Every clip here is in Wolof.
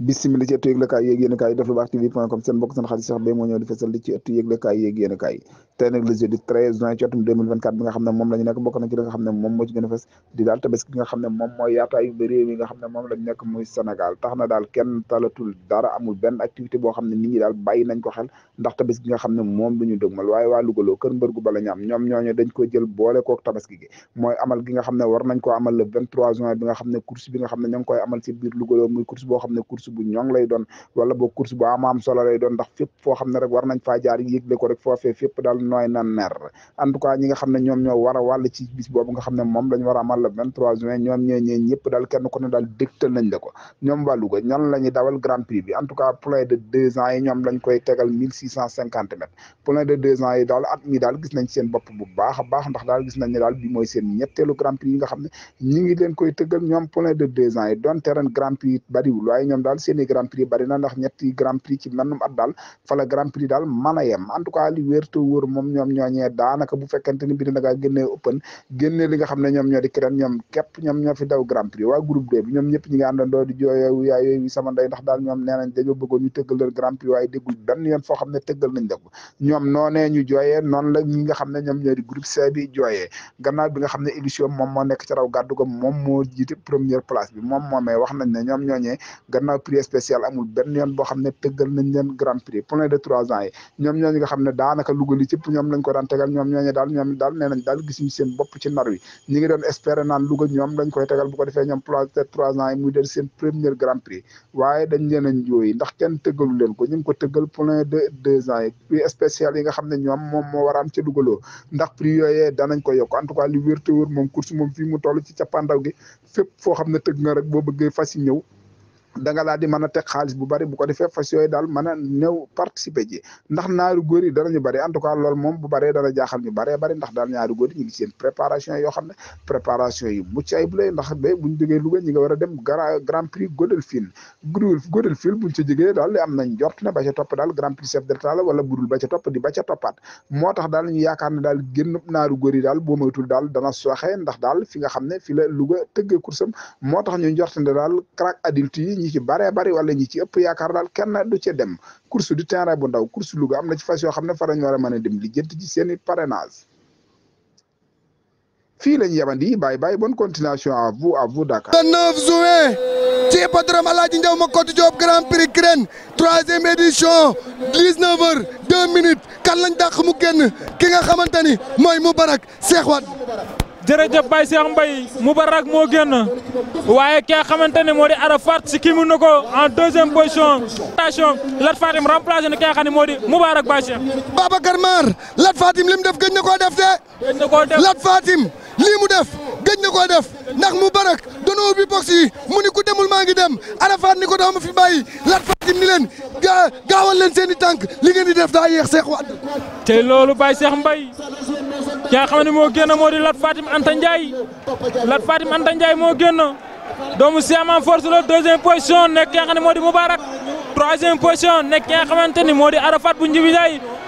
بسم الله تيجي لك أي جينا كاي دفع بعثي في فان كمسن بوكسن خالص شعب مو نيو دفسل لي تيجي لك أي جينا كاي تاني لزي دي تريز نوع تشات من 2024 من خامنة مم لجينا كبوكنا كده خامنة مم موج جينا فس دي دالت بس كنا خامنة مم مايا كاي بري من خامنة مم لجينا كموي سنغال تهنا دال كن تلو تول دار أمول بن أكتيفيتي بو خامنة نيجي دال باين عن كحل دكتا بس كنا خامنة مم بنيو دوم الواي واي لغو لو برجو بالنيا نيوم نيوم نيوم دين جل بوله كوك تبس كي مايا عمل كنا خامنة ورنا كوي عمل 23 نوع بنا خامنة كورس بنا خامنة نيوم كوي عمل سيبير لغو لو مي كورس بو خامنة كورس course bu ñoŋ lay doon wala boog course bu am am solo lay doon ndax fépp foo xam ne rek war nañ faa jaar yëgle ko rek foofee fépp daal nooy na ner en tout cas ñi nga xam ne ñoom ñoo war a wàll ci bis boobu nga xam ne moom lañ war a amal le 23 juin ñoom ñoo ñee ñëpp daal kenn ku ne daal dégtal nañ la ko ñoom wàllu ko ñan la ñuy dawal grand prix bi en tout cas poulain de deux ans yi ñoom lañ koy tegal mille six cent cinquante mètres poulain de deux ans yi daal at mi daal gis nañ seen bopp bu baax a baax ndax daal gis nañ ne daal bi mooy seen ñetteelu grand prix yi nga xam ne ñi ngi leen koy tëggal ñoom poulain de deux ans yi doon terrain grand prix bariwul waaye ñoom daal dal seeni grand prix bari na ndax ñetti grand prix ci mennum at dal fa la grand prix dal mën a en tout cas li wér te wóor moom ñoom da naka bu fekkante ni bi da nga génnee open génnee li nga xam ñom ñoom ñoo di kiran ñom képp ñoom ñoo fi daw grand prix wa groupe D bi ñoom ñëpp ñi nga do di jooyoo yaay yooyu sama nday ndax dal ñom nee dañu bëggo ñu teggal leur grand prix way déggul ben yoon fo xam teggal nañ dëgg ñom noné ñu jooyee non la ñi nga xam ñom ñoom di groupe C bi jooyee gannaaw bi nga xam ne édition moom moo nekk ci raw gaddu ko mom mo jité première place bi mom momé wax nañ ne ñoom ñooñee gannaaw prix spécial amul benn yoon boo xam ne tëggal nañ leen grand prix plein de trois ans yi ñoom ñooñu nga xam ne daanaka Louga li cëpp ñoom lañ ko daan tegal ñoom ñooñu daal ñoom daal nee nañ daal gisuñu seen bopp ci nar lañ koy tegal bu ko defee ñoom plein de trois ans yi muy del seen premier grand prix waaye dañ leen a njóoyi ndax kenn tëggalu leen ko ñu ngi ko tëggal plein de deux ans yi spécial yi nga xam ne ñoom moom moo waraan ci dugaloo ndax prix yooyee danañ ko yokk en tout cas li wér moom course moom fii mu toll ci cappaandaw gi fépp foo ne tëgg nga rek boo bëggee fas yi ñëw da nga daal di mën a xaalis bu bari bu ko defee fas yooyu daal mën a néew participer ji ndax ñaari góor yi danañu bari en tout cas loolu moom bu baree dana jaaxal ñu baree bari ndax daal ñaari góor yi ñu ngi seen préparation yoo xam ne préparation yi mucc ayib lay nga war a dem grand prix Godolphin Godolphin buñ ca jógee daal am nañ jort ne ba ca topp daal grand prix chef d'état la wala budul ba ca topp di ba ca moo tax daal ñu yaakaar ne daal génn ñaari góor yi daal boo moytul daal dana soxe ndax daal fi nga xam ne fi la Louga tëggee kursam moo tax ñu njort ne daal crack adulte yi ñi ci bare bari wala ñi ci ëpp yaakaar daal kenn du ca dem course du terrain bu ndaw course Louga am na ci fas xam ne fa lañ war a mën a dem li jënt ci seen i parrainage fii lañ yabandi bàyyi bàyyi bonne continuation à vous à vous Dakar. le 9 juin ci hippodrome Alaaji Njaw ma Kotu Joob Grand Prix CREN troisième édition 19 heures 2 minutes kan lañ dàq mu génn ki nga xamante ni mooy Moubarak Cheikh Wade jërëjëf Baye Cheikh Mbaye Moubarak moo génn waaye ki nga xamante ne moo di Arafat si kii mu na ko en deuxième position. station Lat Fatim remplacé na ki nga xam ne moo di Moubarak Baye Mar Lat Fatim lim def gëj na koo de. gëj na koo def Lat Fatim. lii mu def gëj na koo def ndax mu barak dono bi box yi mu ni ku demul maa ngi dem Arafat ni ko dama fi bàyyi Lat Fatim ni leen gaawal leen seeni i tànk li ngeen di def daa yéex Cheikh Wade tey loolu Baye seex mbay ki nga xam ne moo génn moo di Lat Fatim Anta Ndiaye Lat Fatim Anta Ndiaye moo génn doomu Siaman force la deuxième position nekk ki nga xam ne moo di Moubarak troisième position nekk ki nga xamante ni moo di Arafat bu Njibi Ndiaye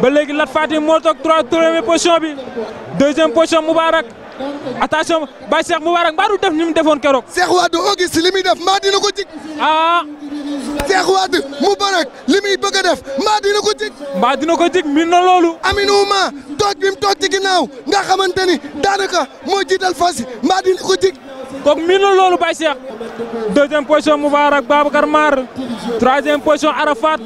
ba léegi Lat Fatim moo toog trois troisième position bi deuxième position Moubarak attention Baye Cheikh Moubarak mbaa du def ni defoon keroog. Cheikh Wade Auguste li muy def mbaa dina ko jig. ah. Cheikh Wade Moubarak li muy bëgg def mbaa dina ko jig. mbaa dina ko jig min na loolu. Aminou ma toog bi mu toog ci ginnaaw nga xamante ni daanaka moo jiital fas yi mbaa dina ko jig. kooku min na loolu Baye Cheikh. deuxième position Moubarak Babacar Mar troisième position Arafat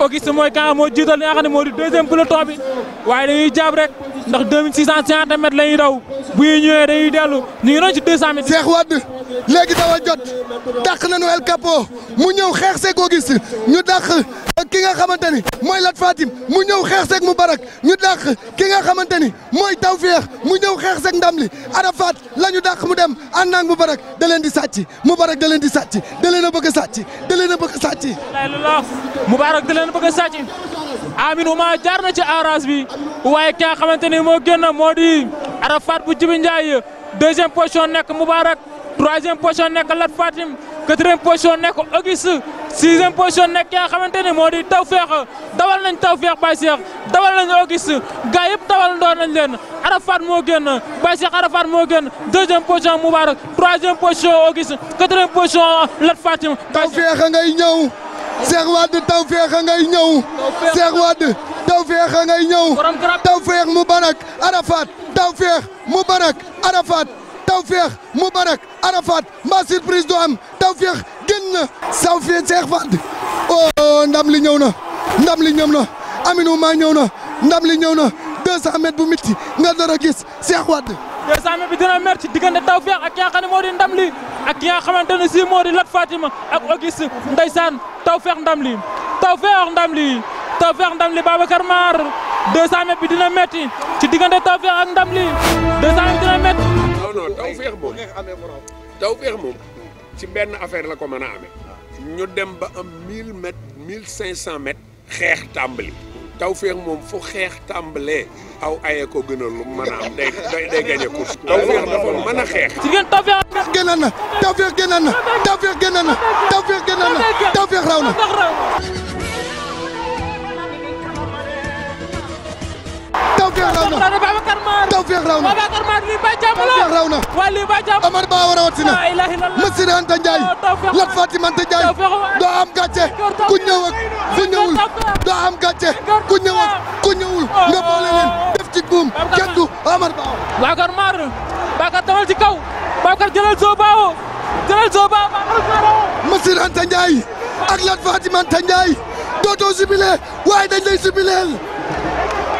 Auguste mooy kan moo jiital li nga xam ne moo di deuxième peloton bi waaye dañuy jàpp ndax 2650 mètres la ñuy daw bu ñuy ñëwee dañuy dellu ñu ngi doon ci 200 mètres. Cheikh Wade léegi dawa jot dàq nañu El Capo mu ñëw xeex seeg koo gis ñu dàq ki nga xamante ni mooy Lat Fatim mu ñëw xeex seeg mu barak ñu dàq ki nga xamante ni mooy Tawfeex mu ñëw xeex seeg ndam li Arafat la ñu dàq mu dem ànd ak mu barak da leen di sàcc mu barak da leen di sàcc da leen a bëgg a sàcc da leen a bëgg a sàcc. alhamdulilah mu a bëgg sàcc Amin Ouma jaar na ci arage bi. waaye ki nga xamante ni moo génn moo di Arafat bu Jibi Ndiaye deuxième position nekk Moubarak troisième position nekk Lat Fatim quatrième position nekk Auguste sixième position nekk ki nga xamante ni moo di Tawfeex dawal nañ Tawfeex Baye Cheikh dawal nañ Auguste gaa yëpp dawal doon nañ leen Arafat moo génn Baye Cheikh Arafat moo génn deuxième position Moubarak troisième position Auguste quatrième position Lat Fatim. Tawfeex ngay ñëw Cheikh Wade Tawfeex ngay ñëw Cheikh tawféex a ngay ñëw tawféex mubarak arafat tawféex mubarak arafat tawféex mubarak arafat mbaa surprise du am tawféex génn na tawféex seex Wade oh ndam li ñëw na ndam li ñëw na Aminou maa ñëw na ndam li ñëw na 200 mètres bu métti nga dara gis seex Wade sa mètres bi dina métti diggante tawféex ak ki nga xam ne moo di ndam li ak ki nga xamante ne si moo di Lat ma ak Auguste ndeysaan tawféex ndam li tawféex ndam li Tawfekh ndam Babacar Mar 200 mètres bi dina metti ci diggante Tawfekh ak ndam 200 mètres dina metti. non non Tawfekh mom Tawfekh moom ci benn affaire la ko mëna amé ñu dem ba am 1000 mètres 1500 mètres xex tambali Tawfekh mom fu xex tambalé aw ayé ko gënal lu mën am day day gagné course. Tawfekh dafa mëna xex xeex. ci ngeen Tawfekh. gënal na Tawfekh gënal na Tawfekh gënal na Tawfekh gënal na Tawfekh raw na. tawfeex raw na tawfeex raw na tawfeex raw na Amar Ba war a wat si na Masir Anta Ndiaye oh, Lat Fatim Anta Ndiaye doo am gàcce ku ñëw ak ku ñëwul doo oh. am gàcce ku ñëw ak ku ñëwul nga boole leen def ci buum kenn du Amar Ba Bakar Mar Bakar tawal ci kaw Bakar jëlal soo baawo jëlal soo baawo Masir Anta Ndiaye ak Lat Fatim Anta Ndiaye dootoo jubilé waaye dañ lay jubileel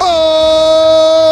Oh!